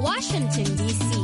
Washington, D.C.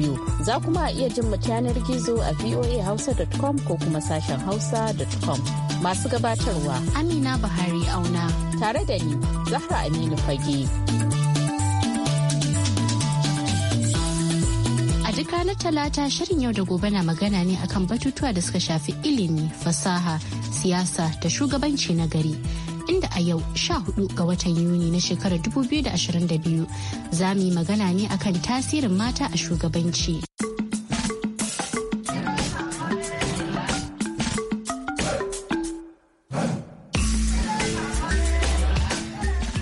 biyu za kuma a iya jin mu yanar gizo a voahausa.com ko kuma sashen hausa.com masu gabatarwa amina buhari auna tare da ni zahra aminu fage duk ranar talata shirin yau da gobe na magana ne akan batutuwa da suka shafi ilimi fasaha siyasa da shugabanci na gari a yau 14 ga watan Yuni na shekarar 2022 za mu yi magana ne akan tasirin mata a shugabanci.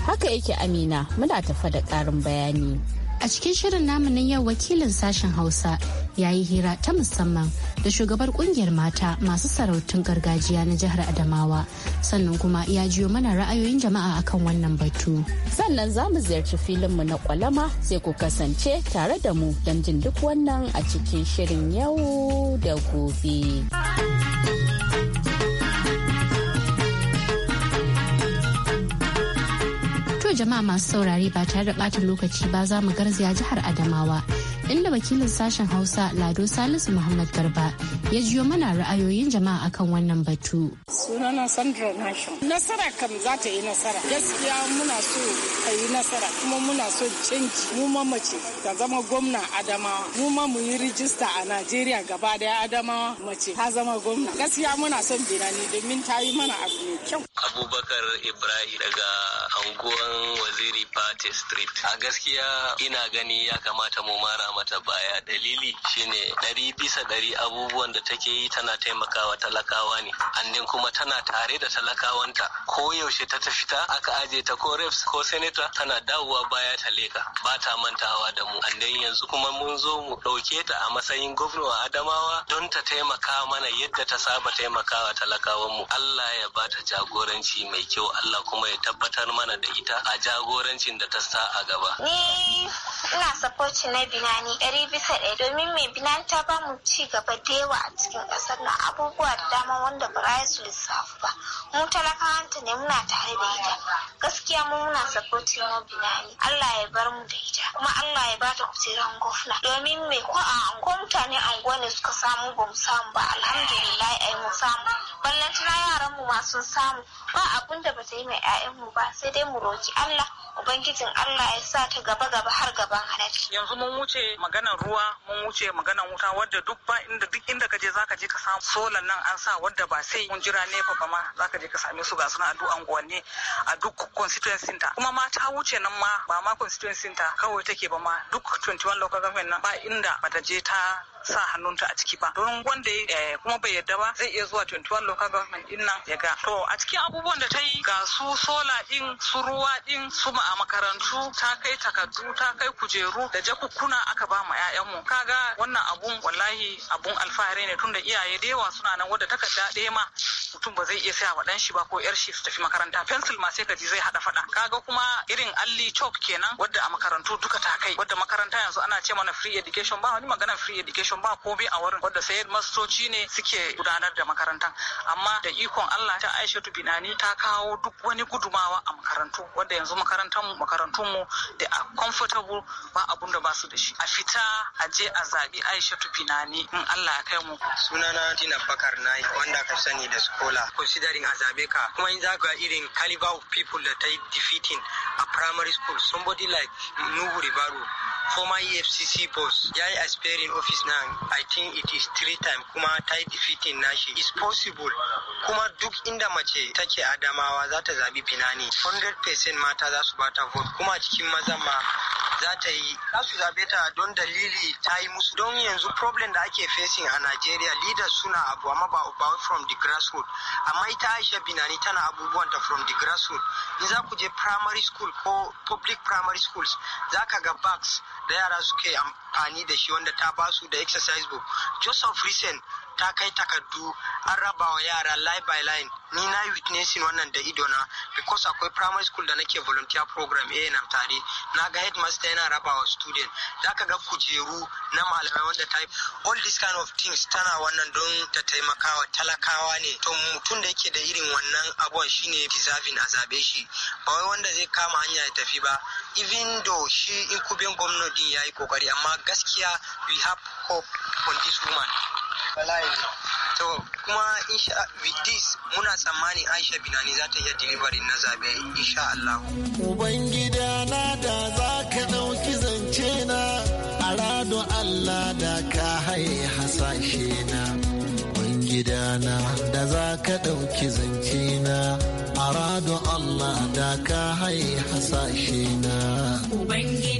Haka yake Amina muna tafa da ƙarin bayani. A cikin shirin namu na yau wakilin sashen Hausa ya yi hira ta musamman da shugabar kungiyar mata masu sarautun gargajiya na jihar Adamawa sannan kuma ya jiyo mana ra'ayoyin jama'a akan wannan batu. Sannan za mu ziyarci filinmu na kwalama sai ku kasance tare da mu don jin duk wannan a cikin shirin yau da gobe. jama'a masu saurari ba tare da ɓata lokaci ba za mu garzaya jihar Adamawa inda wakilin sashen Hausa Lado Salisu Muhammad Garba ya jiyo mana ra'ayoyin jama'a akan wannan batu. Sunana Sandra Nation. Nasara kam za ta yi nasara. Gaskiya muna so a yi nasara kuma muna so canji. Mu ma mace ta zama gwamna Adamawa. Mu ma mu yi rijista a Najeriya gaba daya Adamawa mace ta zama gwamna. Gaskiya muna son birane domin ta yi mana abu mai kyau. Abubakar Ibrahim daga anguwan Waziri Party Street. A gaskiya ina gani ya kamata mu mara mata baya dalili shine ɗari bisa ɗari abubuwan da take yi tana taimakawa talakawa ne andin kuma tana tare da talakawanta ko yaushe ta tafi ta aka aje ta ko reps ko senator tana dawowa baya ta leka ba ta mantawa da mu andin yanzu kuma mun zo mu ɗauke ta a matsayin gwamnan adamawa don ta taimaka mana yadda ta saba taimakawa talakawan mu Allah ya ba ta jagoranci mai kyau Allah kuma ya tabbatar mana da ita a jagorancin da ta sa a gaba ni ina support na binani amfani ɗari bisa ɗaya domin mai binan ta ba mu ci gaba da yawa a cikin ƙasar na abubuwa da dama wanda ba za su lissafi ba mu talakawanta hanta ne muna tare da ita gaskiya mu muna sakotin mu binani Allah ya bar mu da ita kuma Allah ya bata kujeran gwamna domin mai ko a ko mutane anguwa ne suka samu ba mu samu ba alhamdulillah ai mu samu ballantana yaran mu masu samu ba abun da ba ta yi mai 'ya'yan mu ba sai dai mu roki Allah ubangijin Allah ya sa ta gaba gaba har gaban halacci yanzu mun wuce maganar ruwa mun wuce maganar wuta wadda duk ba inda duk inda ka je za ka je ka samu solar nan an sa wadda ba sai mun jira nefa ba ma za ka je ka same su ga suna a duk anguwanni a duk constituency ta kuma ma ta wuce nan ma ba ma constituency ta kawai take ba ma duk 21 local government nan ba inda bata je ta sa hannunta a ciki ba don wanda ya eh, kuma bai yadda ba zai iya zuwa 21 local government din nan ya ga to a cikin abubuwan da ta yi ga su sola din su ruwa din su mu a makarantu ta kai takardu ta kai kujeru da jakukuna aka ba mu ƴaƴanmu kaga wannan abun wallahi abun alfahari ne tunda iyaye da yawa suna nan wadda takarda ɗaya ma mutum ba zai iya saya wa shi ba ko yar shi su tafi makaranta pencil ma sai ka zai haɗa faɗa kaga kuma irin alli chalk kenan wadda a makarantu duka ta kai wadda makaranta yanzu ana ce mana free education ba wani maganar free education ba komai a wurin wadda sayar masoci ne suke gudanar da makarantan amma da ikon Allah ta Aishatu Binani ta kawo duk wani gudumawa a makarantu wadda yanzu makaranta makarantunmu da a comfortable ba abun da ba da shi a fita a je a zabi aisha binani in allah ya kai mu sunana tina bakar na wanda ka sani da skola considering a zaɓe ka kuma in za ka irin caliber of people da ta yi defeating a primary school somebody like nuhu ribaru former efcc boss ya yi aspiring office na i think it is three time kuma ta yi defeating shi. is possible kuma duk inda mace take adamawa za ta zaɓi binani 100% mata za su bata vote kuma cikin maza ma za ta yi za su zabe ta don dalili ta yi musu don yanzu problem da ake facing a nigeria leaders suna abu amma ba ba from the grassroot amma ita Aisha Binani tana abubuwan ta from the grassroot in za ku je primary school ko public primary schools za ka ga bags da yara suke amfani da shi wanda ta basu da exercise book joseph of recent ta kai takardu an raba wa yara line by line ni na yi witnessing wannan da ido na because akwai primary school da nake volunteer program eh, A&M tare na ga headmaster yana raba wa student za ka ga kujeru na malamai wanda ta all this kind of things tana wannan don ta taimakawa talakawa ne to mutum da yake da irin wannan abun shine deserving a zabe shi ba wai wanda zai kama hanya ya tafi ba even though shi in kubin gwamnati ya yi kokari amma gaskiya we have hope on this woman wallahi to kuma insha with this muna tsammanin Aisha Binani za ta iya delivery na zabe insha Allah ubangida na da zaka dauki zance na arado Allah da ka haye hasashe na na da zaka ɗauki zance na arado Allah da ka haye hasashe na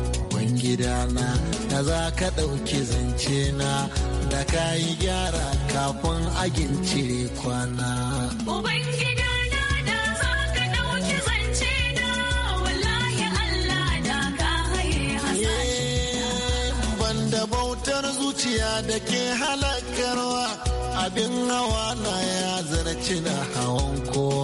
gidana da za ka ɗauki zance na da ka yi gyara kafin agin cire kwana. zuciya da ke halakarwa abin hawa na ya zarci na hawan kowa.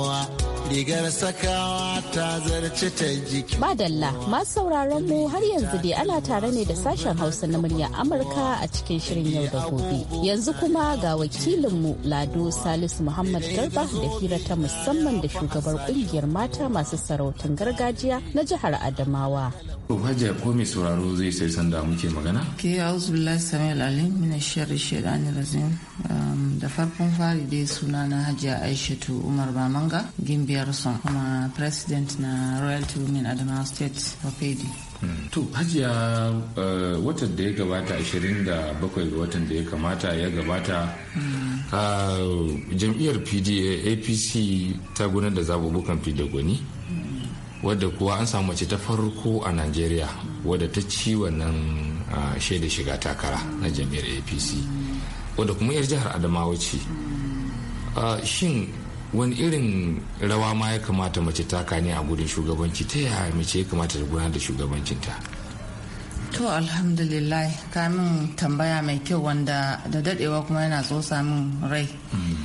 rigar sakawa ta zarce ta jiki. Madalla masu sauraron mu har yanzu dai ana tare ne da sashen Hausa na muryar Amurka a cikin shirin yau da gobe. Yanzu kuma ga wakilinmu Lado Salisu Muhammad Garba da hira ta musamman da shugabar kungiyar mata masu sarautan gargajiya na jihar Adamawa. Hajiya ko mai sauraro zai sai sanda muke magana? Ke hausu billahi Samuel alim min sharri shaitani razin Da farkon fari dai sunana Hajiya Aishatu Umar Bamanga Gimbiya sun kuma president na royalty women adamawa state opedi hmm. to hajiya eh, watan da ya gabata 27 ga watan da ya kamata ya gabata hmm. ah, jam'iyyar pda apc ta gudanar da zabubukan gwani hmm. wadda kuwa an samu mace ta farko a nigeria wadda ta ci wannan ah, shaida shiga takara na jam'iyyar apc wadda kuma yar jihar adamawa ce ah, shin wani irin rawa ma ya kamata mace ta kani a gudun shugabanci ta ya mace ya kamata ta gudanar da shugabancinta to alhamdulillah ka min tambaya mai kyau wanda da dadewa kuma yana tsosa min rai hmm.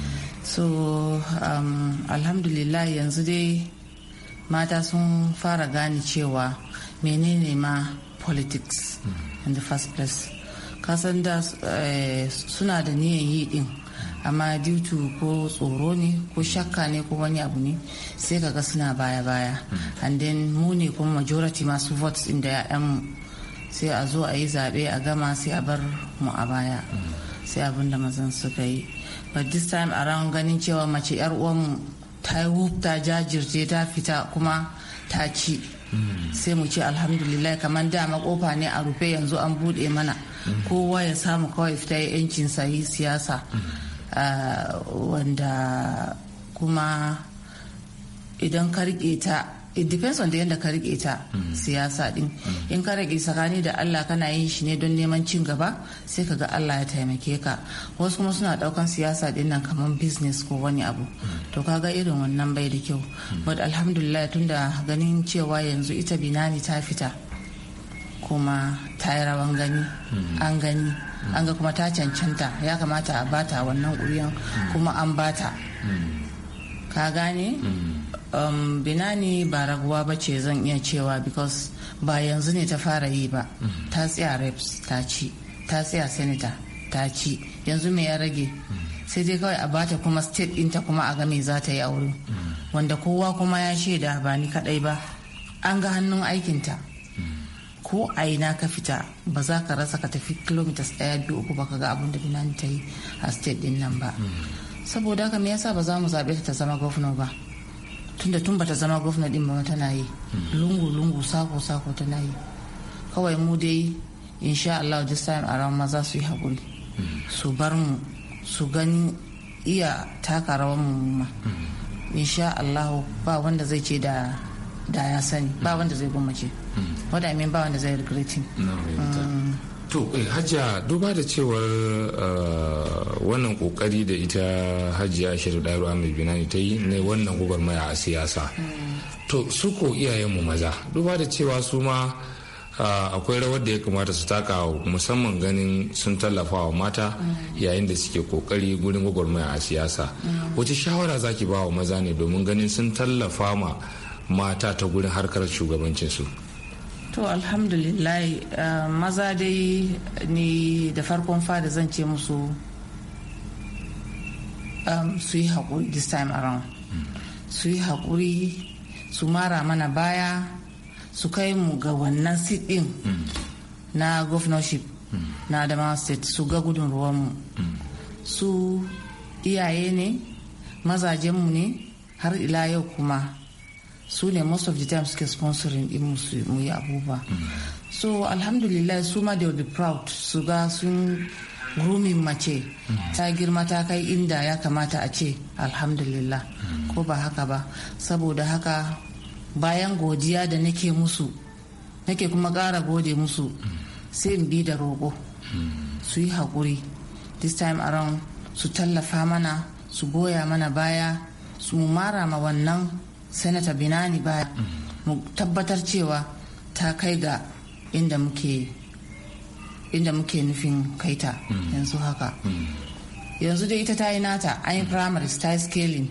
so um, alhamdulillah yanzu dai mata sun fara gane cewa menene ma politics hmm. in the first place kasan da eh, suna da niyan yi din amma due to ko tsoro ne ko shakka ne ko wani abu ne sai ga suna baya-baya hmm. and then mu ne kuma majority masu votes inda ya'yan sai a zo a yi zaɓe a gama sai a bar mu a baya hmm. sai abin da mazan suka yi but this time around ganin cewa mace yar uwanmu ta yi ta jajirce ta fita kuma ta ci hmm. sai mu ce alhamdulillah kamar dama kofa ne a rufe yanzu an buɗe mana kowa ya samu kawai fita yancin yi siyasa Eh, wanda kuma idan ka ta it depends on da yadda ka rike ta mm. siyasa din mm. in ka rike tsakani da Allah kana yin shi ne don neman cin gaba sai ka ga Allah ya taimake ka wasu kuma suna daukan siyasa din nan kamar business ko wani abu mm. to kaga irin wannan bai da kyau but alhamdulillah tunda ganin cewa yanzu ita binani ta fita kuma ta yi rawan gani hmm. an gani hmm. an ga kuma ta cancanta ya kamata a bata wannan ƙuriyan hmm. kuma an bata ka gane um, binani ba raguwa ba ce zan iya cewa because ba yanzu ne ta fara yi ba ta tsaya reps ta ci ta tsaya senator ta ci yanzu me ya rage sai dai kawai a bata kuma state ɗinta kuma a ga me za ta yi aure wanda kowa kuma ya shaida ba ni kadai ba an ga hannun aikinta ko a ina ka fita ba za ka rasa ka tafi kilomitas ɗaya biyu uku ba ka ga abin da binani ta yi a state din nan ba hmm. saboda haka me yasa ba za mu zaɓe ta zama governor ba tunda tun ba ta zama governor din ba tana yi hmm. lungu lungu sako sako tana yi kawai mu dai insha Allah this time around maza su yi hakuri hmm. su bar mu su gani iya taka rawar mu ma insha Allah ba wanda zai ce da da ya sani ba wanda zai gwammace what amin ba wanda zai regretting to eh, hajja duba da cewar eh, wannan kokari da ita hajiya shirin daru mai binani ta yi ne wannan gwagwarmaya a siyasa to su ko iyayenmu maza duba da cewa su ma eh, akwai rawar da ya kamata su taka musamman ganin sun tallafa wa mata yayin da suke kokari gurin gwagwarmaya a siyasa wace shawara zaki ba wa maza ne domin ganin sun tallafa ma mata ta gurin harkar shugabancinsu to alhamdulillah eh, maza dai ni da farkon fada zan ce musu um, su yi haƙuri this time around su yi haƙuri su mara mana baya su kai mu ga wannan ɗin na governorship na Adama state su ga gudun ruwanmu su iyaye ne mazajenmu ne har ila yau kuma su ne most of the time suke sponsoring din musu mu yi abubuwa so alhamdulillah su ma they will be proud su ga sun grooming mace ta girma ta kai inda ya kamata a ce alhamdulillah ko ba haka ba saboda haka bayan godiya da nake musu nake kuma kara gode musu sai in bi da roƙo su yi haƙuri this time around su tallafa mana su goya mana baya su mara ma wannan sanata binani baya mu tabbatar cewa ta kai ga inda muke inda muke nufin kaita yanzu haka yanzu dai ita ta yi nata an yi primary style scaling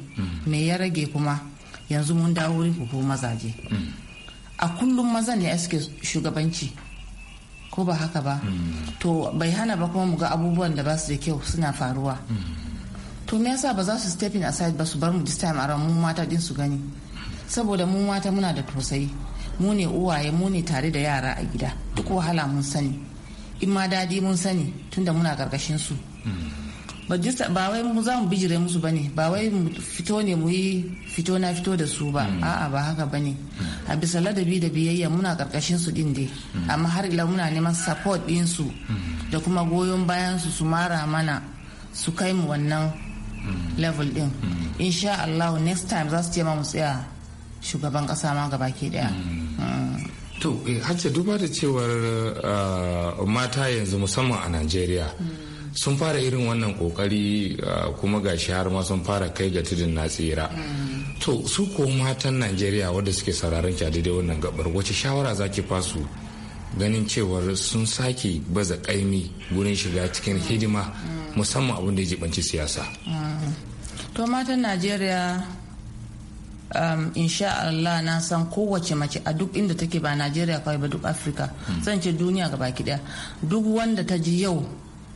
me ya rage kuma yanzu mun dawo wurin hukumar mazaje a kullum maza ne suke shugabanci ko ba haka ba to bai hana ba kuma mu ga abubuwan da ba su da kyau suna faruwa to me yasa ba za su stepping aside ba su bar mu this time around mu mata din su gani saboda mu mata muna da tausayi mu ne uwaye mu ne tare da yara a gida duk wahala mun sani in ma dadi mun sani tunda muna karkashin su ba wai mu za mu bijire musu ba ne ba wai mu fito ne mu yi fito na fito da su ba mm. a'a ba haka ba ne mm. a bisa ladabi da biyayya muna karkashin su din dai mm. amma har ila muna neman support din su da kuma goyon bayan su su mara mana su kai mu wannan level din insha Allah next time za su ce ma mu tsaya shugaban kasa ma gaba ke daya to eh, hajji duba da cewar ah, mata yanzu musamman a najeriya sun fara irin wannan kokari ah, kuma ga har ma sun fara kai ga tudun na tsira to su ko matan najeriya wadda suke sararin ki a daidai wannan gabar wace shawara zaki fasu ganin cewar sun sake baza kaimi wurin shiga cikin hidima musamman abin da ya jibanci siyasa to matan najeriya um, insha Allah na san kowace mace a duk inda take ba Najeriya kawai ba duk Afirka zan ce duniya ga baki daya duk wanda ta ji yau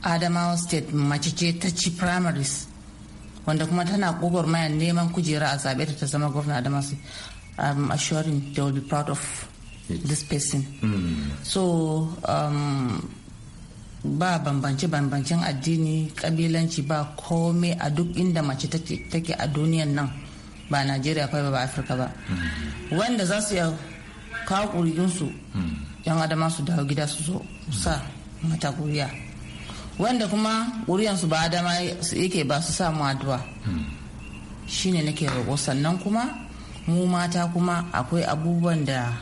Adamawa state mace ce ta ci primaries wanda kuma tana kogar mayan neman kujera a zaɓe ta ta zama gwamna Adamawa state I'm assuring they will be proud of this person hmm. so um, ba bambance-bambancen addini kabilanci ba komai a duk inda mace take a duniyan nan ba najeriya kawai ba afirka ba wanda za su iya kawo ƙuri'unsu yan adama su dawo gida su zo sa mata ƙuri'a wanda kuma ƙuri'ansu ba adama yake ba su samu addu'a shine nake roƙo sannan kuma mu mata kuma akwai abubuwan da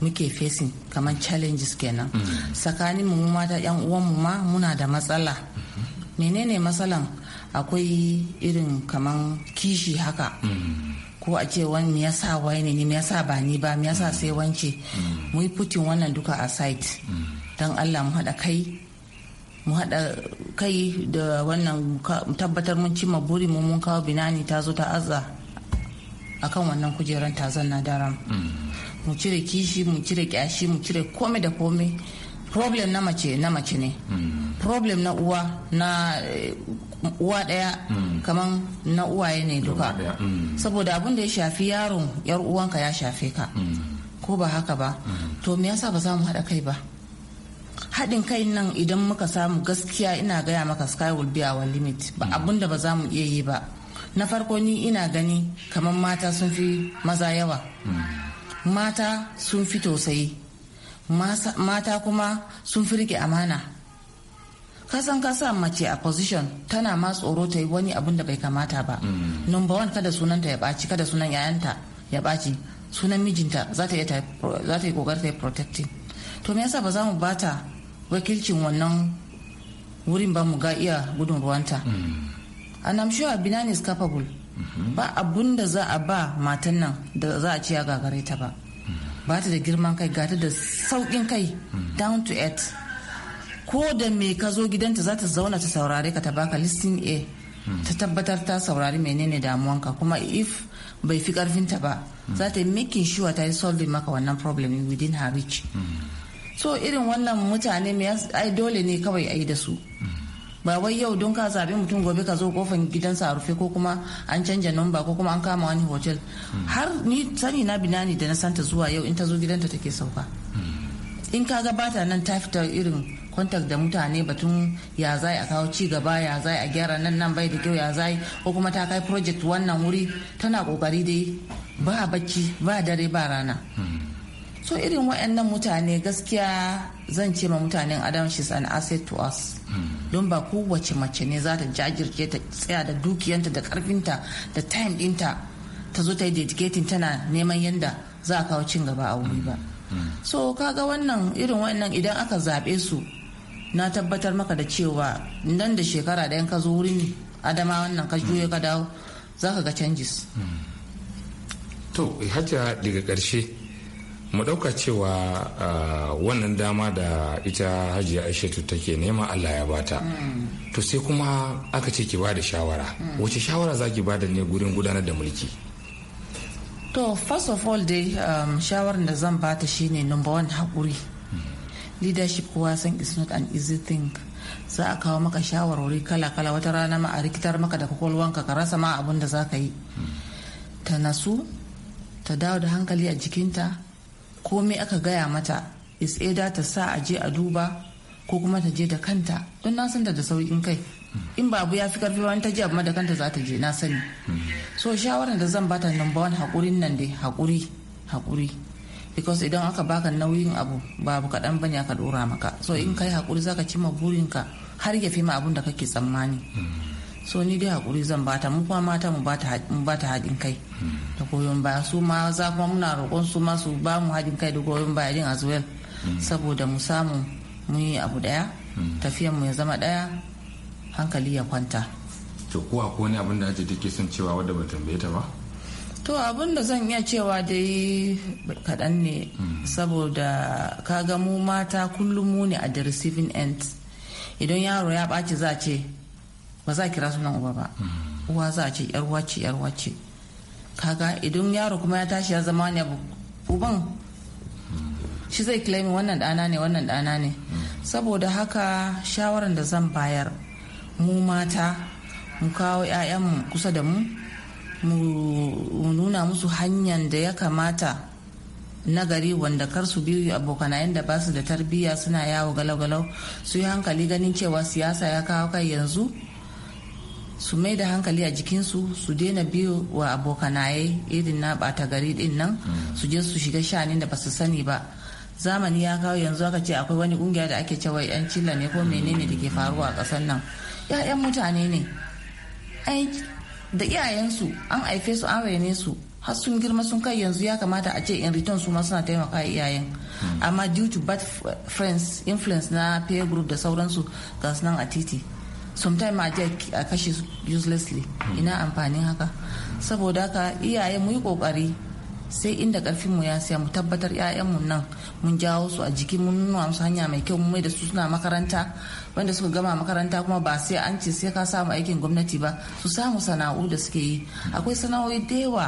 muke facing kamar challenges kenan mm. tsakanin mu mata yan mu ma muna da matsala mm-hmm. menene matsalan akwai irin kaman kishi haka ko a ce wani ya sa wani ne ya sa ba ni ba ya sa mm. sai wance mm. mu yi putin wannan duka a site mm. don allah mu haɗa kai mu haɗa kai da wannan tabbatar mun cimma burin mu mun kawo binani ta zo ta azza akan wannan kujeran tazan na daram mu cire kishi mu cire kyashi mu cire komai da komai problem na mace na mace ne problem na uwa na uwa daya hmm. kaman na uwaye ne duka hmm. saboda abin da ya shafi yaron yar uwanka ya shafe ka hmm. ko ba haka ba to me yasa ba za mu haɗa kai ba haɗin kai nan idan muka samu gaskiya ina gaya maka sky will be our limit ba abin da ba za mu iya yi ba na farko ni ina gani kamar mata sun fi maza yawa mata sun fi tausayi mata kuma sun fi rike amana kasan kasa mace a position tana ma tsoro ta yi wani abin da bai kamata ba mm. number one kada sunanta ya ɓaci kada sunan yayanta ya baci sunan mijinta za ta yi kogar ta yi protecting to me yasa ba za mu bata wakilcin wannan wurin ba mu ga iya gudun ruwanta mm. and I'm sure binani is capable mm-hmm. ba abun da za a ba matan nan da za a ci ya gagare ta ba mm. ba ta da girman kai gata da saukin kai down to earth ko da me ka zo gidanta za ta zauna ta saurare ka ta baka listin a ta tabbatar ta saurari menene damuwanka kuma if bai fi karfinta ba za ta yi making sure ta yi solving maka wannan problem within her reach so irin wannan mutane ai dole ne kawai ai da su ba wai yau don ka zabi mutum gobe ka zo kofan gidansa a rufe ko kuma an canja namba ko kuma an kama wani hotel har ni sani na binani da na santa zuwa yau in ta zo gidanta take sauka in ka ga bata nan ta fita irin kontak da mutane batun ya zai a kawo ci gaba ya zai a gyara nan nan bai da kyau ya zai ko kuma ta kai project wannan wuri tana kokari dai ba bacci ba dare ba rana so irin wa'annan mutane gaskiya zan ce ma mutanen adam she's an asset to us don ba kowace mace ne za ta jajirce ta tsaya da dukiyanta da karfinta da time dinta ta zo ta yi dedicating tana neman yanda za a kawo cin gaba a wuri ba so kaga wannan irin wannan idan aka zaɓe su na tabbatar maka da cewa nan da shekara ɗayan ka zo wurin adama wannan ka juya ka dawo za ka ga canjis to hajja daga karshe mu ɗauka cewa wannan dama da ita hajiya aishatu take nema allah ya bata mm. to sai kuma aka ce ki ba da shawara mm. wace shawara za ki bada ne gurin gudanar da mulki to first of all dai um, shawarar da zan bata shine number one haƙuri leadership kowa san is not an easy thing za a kawo maka shawarwari kala-kala wata rana ma a rikitar maka da kwakwalwanka ka rasa ma abin da za ka yi ta nasu ta dawo da hankali a jikinta komai aka gaya mata is either ta sa a je a duba ko kuma ta je da kanta don na san da da sauƙin kai in ba abu ya fi karfi wani ta je abu da kanta za ta je na sani so shawarar da zan bata number one haƙurin nan dai haƙuri haƙuri because idan aka baka nauyin abu babu kaɗan bane aka ɗora maka so in mm. kai hakuri zaka cimma burinka har ya fi ma abun da kake tsammani mm. so ni dai hakuri zan bata mu kuma mata mu bata haɗin kai mm. da goyon baya su ma za kuma muna roƙon su ma su ba mu haɗin kai da goyon baya din as well saboda mu samu mu yi abu ɗaya tafiyan mu ya zama ɗaya hankali ya kwanta to ko ne abin da ake take son cewa wadda ba tambaye ta ba to abin da zan iya cewa dai kaɗan ne mhm. saboda kaga mu mata kullum mu ne a the receiving end idan yaro ya ɓaci za ce ba za kira sunan uba ba mhm. uwa za ce yar wace yar wace kaga idan yaro kuma ya tashi ya zama ne uban mhm. shi zai claim wannan ɗana ne wannan ɗana ne saboda haka shawaran da zan bayar mu mata mu kawo 'ya'yanmu kusa da mu mu nuna musu hanyar da ya kamata na gari wanda kar su biyu abokanayen da basu da tarbiyya suna yawo galau-galau su yi hankali ganin cewa siyasa ya kawo kai yanzu su mai da hankali a jikinsu su daina biyu wa abokanaye irin na bata gari din nan mm. su je su shiga shanin da ba su sani ba zamani ya kawo yanzu aka ce akwai wani kungiya da ake cewa yan cilla ne ko menene da ke faruwa a kasar nan 'ya'yan mutane ne da iyayensu an haife su an raine su har sun girma sun kai yanzu ya kamata a ce in return su ma suna taimaka iyayen hmm. amma due to bad friends influence na peer group da sauransu ga nan a titi sometimes a je a kashe uselessly hmm. ina amfanin haka saboda haka iyaye mu yi kokari sai inda karfin mu ya siya mu tabbatar mu nan mun jawo su a jiki mun nuna musu hanya mai kyau mai da su suna makaranta wanda suka gama makaranta kuma ba sai an ce sai ka samu aikin gwamnati ba su samu sana'u da suke yi akwai sana'o'i da yawa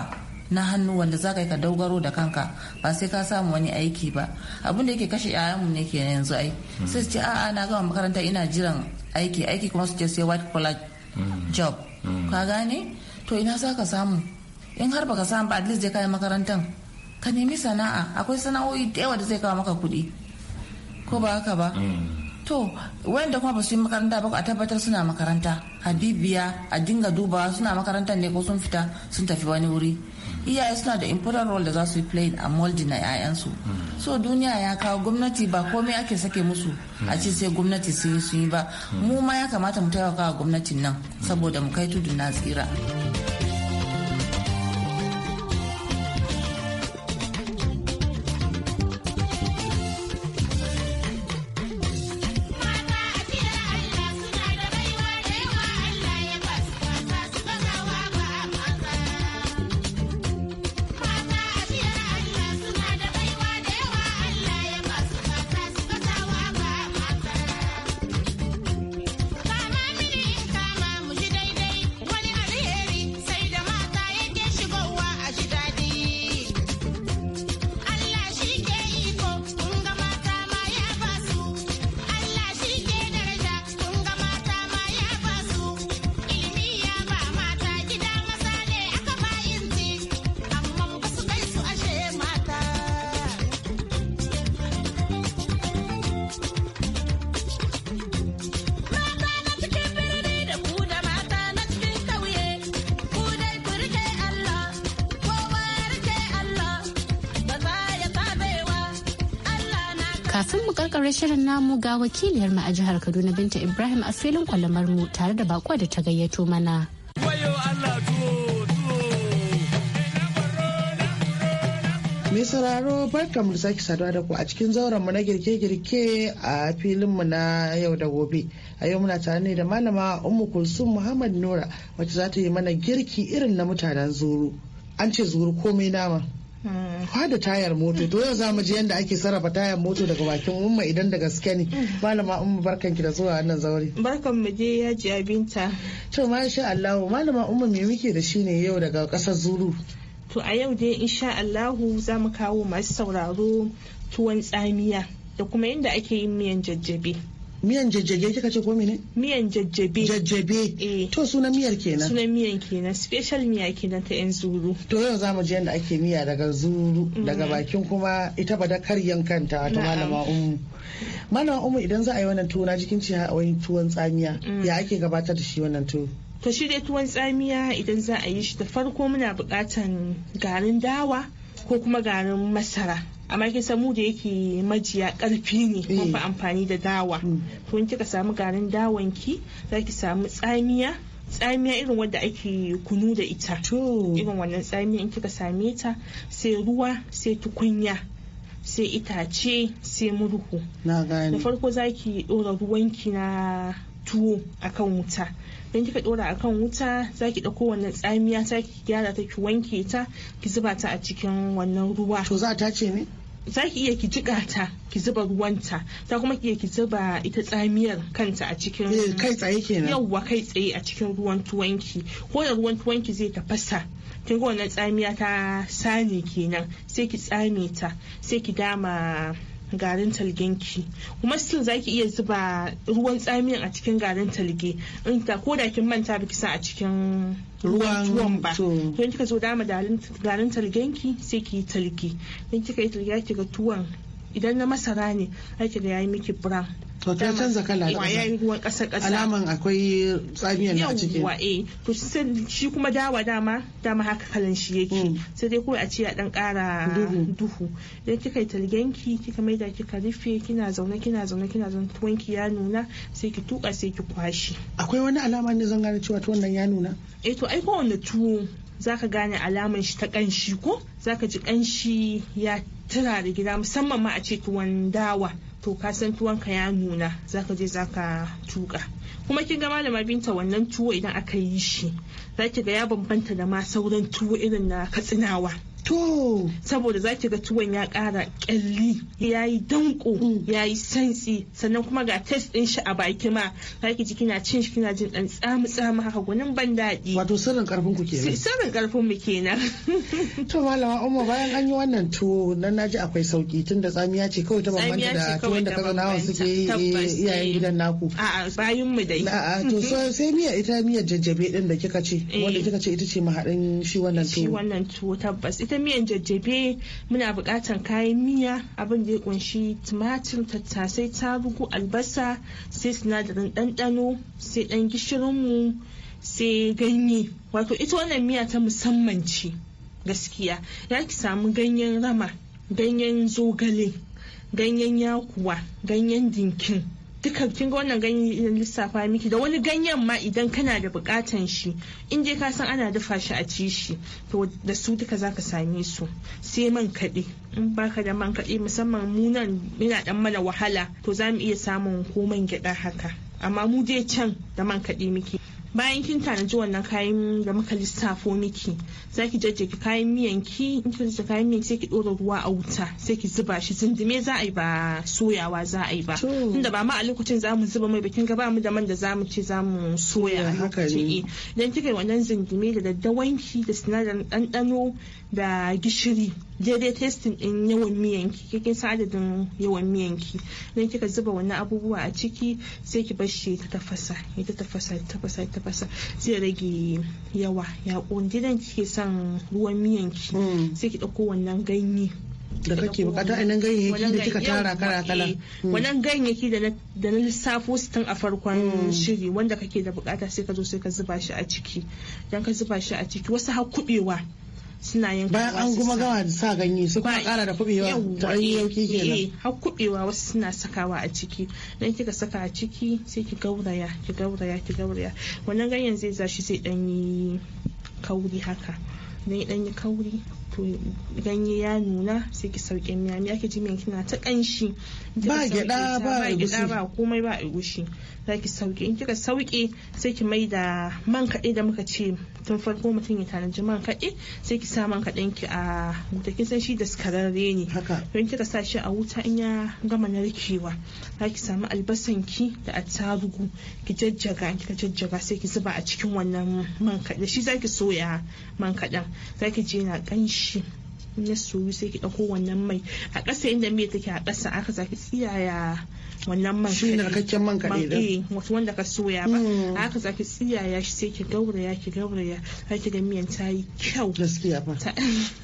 na hannu wanda za ka yi ka dogaro da kanka ba sai ka samu wani aiki ba abin da yake kashe mu ne ke yanzu ai sai su ce a'a na gama makaranta ina jiran aiki aiki kuma su ce sai white collar mm. job mm. ka gane to ina za ka samu in har baka samu ba at least zai kai makarantan ka nemi sana'a akwai sana'o'i da yawa da zai kawo maka kuɗi ko ba haka ba mm. to wanda kuma ba su yi makaranta ba a tabbatar suna makaranta a bibiya a dinga dubawa suna makarantar ne ko sun fita sun tafi wani wuri iyaye suna da important role da za su yi play a moldi na 'ya'yansu mm. so duniya ya kawo gwamnati ba komai ake sake musu a ce sai gwamnati sun yi sun yi ba mm. mu ma ya kamata mu taimaka wa gwamnatin nan saboda mu kai tudu na tsira. Kafin mu karkare shirin namu ga wakiliyar mu a jihar Kaduna Binta Ibrahim a filin kwalamar mu tare da bako da ta gayyato mana. Mai sauraro barka mu sake saduwa da ku a cikin zauren mu na girke-girke a filin mu na yau da gobe. A yau muna tare ne da malama Ummu Kulsum Muhammad Nura wacce za ta yi mana girki irin na mutanen zuru. An ce zuru komai nama. da tayar moto to yau zamu ji yadda ake sarrafa tayar moto daga bakin umma idan da gaske ne. Malama umma barkan ki da zuwa wannan zauri. Barkan mu je ya ji abinta. To masha Allahu! malama umma me muke da shi ne yau daga kasar Zulu. To a yau dai insha Allahu za mu kawo masu sauraro tuwon tsamiya da kuma yadda ake yin miyan jajjabe. miyan jajjage kika ce ko mene miyan jajjabe jajjabe eh to sunan miyar kenan sunan miyan kenan special miya kenan ta yan zuru to yau zamu ji yadda ake miya daga zuru mm. daga bakin kuma ita ba da karyan kanta ta malama ummu malama ummu idan za a yi wannan tuwo na jikin ci a wani tuwon tsamiya mm. ya ake gabatar da shi wannan tuwo to shi dai tuwon tsamiya idan za a yi shi da farko muna buƙatan garin dawa ko kuma garin masara amma kin san mu da yake majiya karfi ne kun eh. amfani da dawa mm. to in kika samu garin dawan ki zaki samu tsamiya tsamiya irin wanda ake kunu da ita To irin wannan tsamiya in kika same ta sai ruwa sai tukunya sai itace sai murhu na Da farko zaki dora ruwanki na tuwo akan wuta don kika dora akan wuta za ki dauko wannan tsamiya ta ki gyara ta ki wanke ta ki zuba ta a cikin wannan ruwa to za ta ce ne za ki iya ki jiƙa ta ki zuba ruwanta ta kuma ki iya ki zuba ita tsamiyar kanta a cikin eh, kai tsaye kenan yauwa kai tsaye a cikin ruwan tuwanki ko da ruwan ki zai tafasa kin ga wannan tsamiya ta sani kenan sai ki tsame ta sai ki dama garin talgenki kuma still zaki iya zuba ruwan tsamiyan a cikin garin talge in ta ko da kin manta biki sa a cikin ruwan ba to kika zo dama garin talgen ki sai ki yi talge in kika yi talge ga tuwon idan na masara ne ake da yayi miki brown to ta canza kala kwayan ruwan kasa kasa alaman akwai tsamiyan na cikin yawa eh to shi kuma dawa dama dama haka kalan shi yake mm. sai dai kawai a ce ya dan kara duhu idan kika yi talgenki kika maida kika rufe kina zaune kina zaune kina zaune tuwanki ya nuna sai ki tuka sai ki kwashi akwai wani alama ne zan gane cewa to wannan ya nuna eh to ai kowanne tuwo zaka gane alaman shi ta kanshi ko zaka ji kanshi ya tana da gida musamman ma a ce tuwon dawa to ka san tuwon ka ya nuna zaka je zaka tuka kuma kin ga malama binta wannan tuwo idan aka yi shi zaki ga ya bambanta da ma sauran tuwo irin na katsinawa To. Saboda za ki ga tuwon ya ƙara ƙyalli, ya yi danko, mm. ya yi sansi sannan kuma ga test ɗin shi a baki ma, za ki ji kina cin shi kina jin ɗan tsamu tsamu haka gunin ban daɗi. Wato sirrin ƙarfin ku kenan. Sirrin ƙarfin mu kenan. To malama Umma bayan an yi wannan tuwo nan naji akwai sauki tunda tsamiya ce kawai ta bambanta da tuwon da kazanawa suke yi eh, iyayen eh. gidan naku. A'a bayan mu dai. A'a to sai miya ita miyar jajjabe ɗin da kika ce, wanda eh. kika ce ita ce mahaɗin shi wannan tuwo. Shi wannan tuwo tabbas ita miyan jajjabe muna buƙatar kayan miya abin da ya kunshi tumatir tattasai tarugu albasa sai sinadarin ɗanɗano sai ɗan gishirinmu sai ganye wato ita wannan miya ta musamman ce gaskiya ya ki samu ganyen rama ganyen zogale ganyen yakuwa ganyen dinkin duka kin ga wannan ganye lissafa miki da wani ganyen ma idan kana da bukatan shi in je ka san ana dafa shi a ci shi to da su duka zaka same su sai man kaɗe in baka da man kaɗe musamman mu nan yana dan mana wahala to za mu iya samun ko man gyaɗa haka amma mu je can da man kaɗe miki bayan kin tanaji wannan kayan da muka lissafo miki za ki ki kayan miyan ki in ki jajjage kayan miyan sai ki dora ruwa a wuta sai ki zuba shi zindime za a yi ba soyawa za a yi ba tunda ba ma a lokacin za mu zuba mai bakin gaba mu da man da za mu ce za mu soya eh, a lokacin idan kika yi wannan zindime da daddawan ki da sinadar ɗanɗano da gishiri daidai testin din yawan miyan ki kike sa adadin yawan miyan ki dan kika zuba wannan abubuwa a ciki sai ki bar shi ta tafasa ya ta tafasa ta tafasa tafasa zai rage yawa ya gidan kike son ruwan miyan ki mm. sai ki ɗauko wannan ganye da kake bukata a nan ganyayyaki da kika tara kala kala mm. wannan ganyayyaki da na lissafo su tun a farkon mm. shiri wanda kake da bukata sai ka zo sai ka zuba shi a ciki dan ka zuba shi a ciki wasu har kubewa suna yin bayan an kuma gawa da sa ganye su kuma kara da kubewa ta yauki eh, kenan eh, har kubewa wasu suna sakawa a ciki dan kika saka a ciki sai ki gauraya ki gauraya ki gauraya wannan ganyen zai zashi sai dan yi kauri haka dan dan yi kauri to ganye ya nuna sai ki sauke miya miya ki ji miyan kina ta kanshi ba gida ba ba komai ba gushi za ki sauke in kika sauke sai ki mai da man kaɗe da muka ce tun farko mutum ya tanaji man kaɗe sai ki sa man kaɗen ki a wuta kin san shi da skararre ne don kika sa shi a wuta in ya gama narkewa za ki samu albasan ki da attarugu ki jajjaga in kika jajjaga sai ki zuba a cikin wannan man kaɗe shi za ki soya man kaɗen za ki je na ƙanshi na soyu sai ki ɗauko wannan mai a ƙasa inda mai take a ƙasa aka ki tsiyaya wannan man shi ne kake man kaɗai dai eh, wato wanda ka soya ba hmm. haka zaki ki ya shi sai ki gauraya ki gauraya Har ki ga miyan ta yi kyau gaskiya fa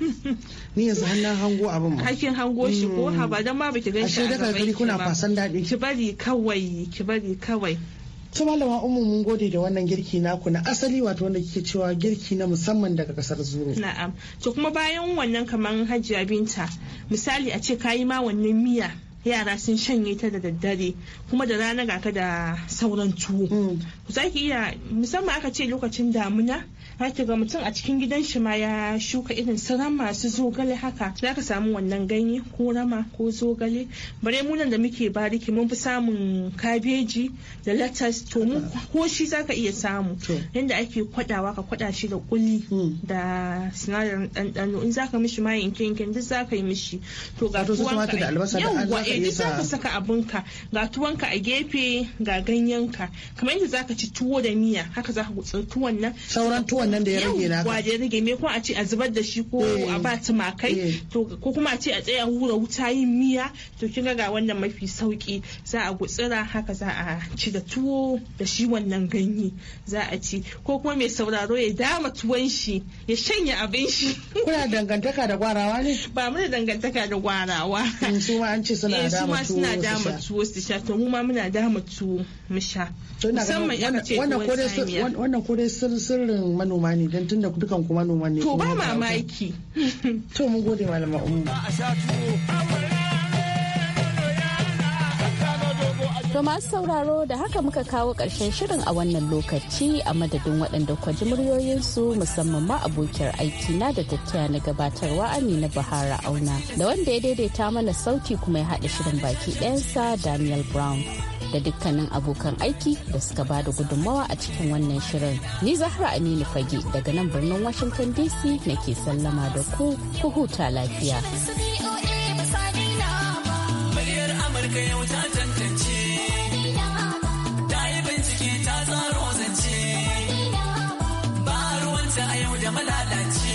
ni yanzu hannun hango abin ma hakin hango shi ko hmm. ha ba dan ma baki gan shi a gaban kuna fasan dadi. ki bari kawai ki bari kawai to malama ummu mun gode da wannan girki naku na asali wato wanda kike cewa girki na musamman daga kasar zuru na'am to kuma bayan wannan kaman hajiya binta misali a ce kayi ma wannan miya yara sun shanye ta da daddare kuma da rana ga ka da sauran tuwo za mm. ki iya musamman aka ce lokacin damuna za ga mutum a cikin gidan shi ma ya shuka irin sauran masu zogale haka za ka samu wannan ganye ko rama ko zogale bare mu da muke bariki mun fi samun kabeji da latas to mu ko shi za ka iya samu yadda ake kwadawa ka kwada shi da kuli mm. da sinadarin dandano in za ka mishi ma yanke duk za ka yi mishi to ga tuwanka yawwa ji duk za ka saka abinka ga tuwanka a gefe ga ganyenka kamar yadda za ka ci tuwo da miya haka za ka gutsa tuwon nan sauran tuwon nan da ya rage naka yau ya rage me ko a ce a zubar da shi ko eh. a ba tumakai eh. to ko kuma a ce a tsaya hura wuta yin miya to kin ga wannan mafi sauki za a gutsira haka za a ci da tuwo da shi wannan ganye za a ci ko kuma mai sauraro ya dama tuwon shi ya shanya abin shi kuna dangantaka da gwarawa ne ba mu da dangantaka da gwarawa in mm, su ma an ci suna eh, eh ma suna dama tuwo su sha to mu ma muna dama tuwo mu sha musamman yan ce wannan kore sirrin manoma ne dan tunda dukan ku manoma ne to ba mamaki to mun gode malama umma a sha tuwo To masu sauraro da haka muka kawo ƙarshen shirin a wannan lokaci a madadin waɗanda kwaji muryoyinsu musamman ma abokiyar aiki na da tattaya na gabatarwa Amina Bahara Auna da wanda ya daidaita mana sauti kuma ya haɗa shirin baki ɗayansa Daniel Brown. da dukkanin abokan aiki da suka ba da gudunmawa a cikin wannan shirin. Ni Zahra Aminu Fage daga nan birnin Washington DC nake sallama da ku ku huta lafiya. yau ta a yau da malalaci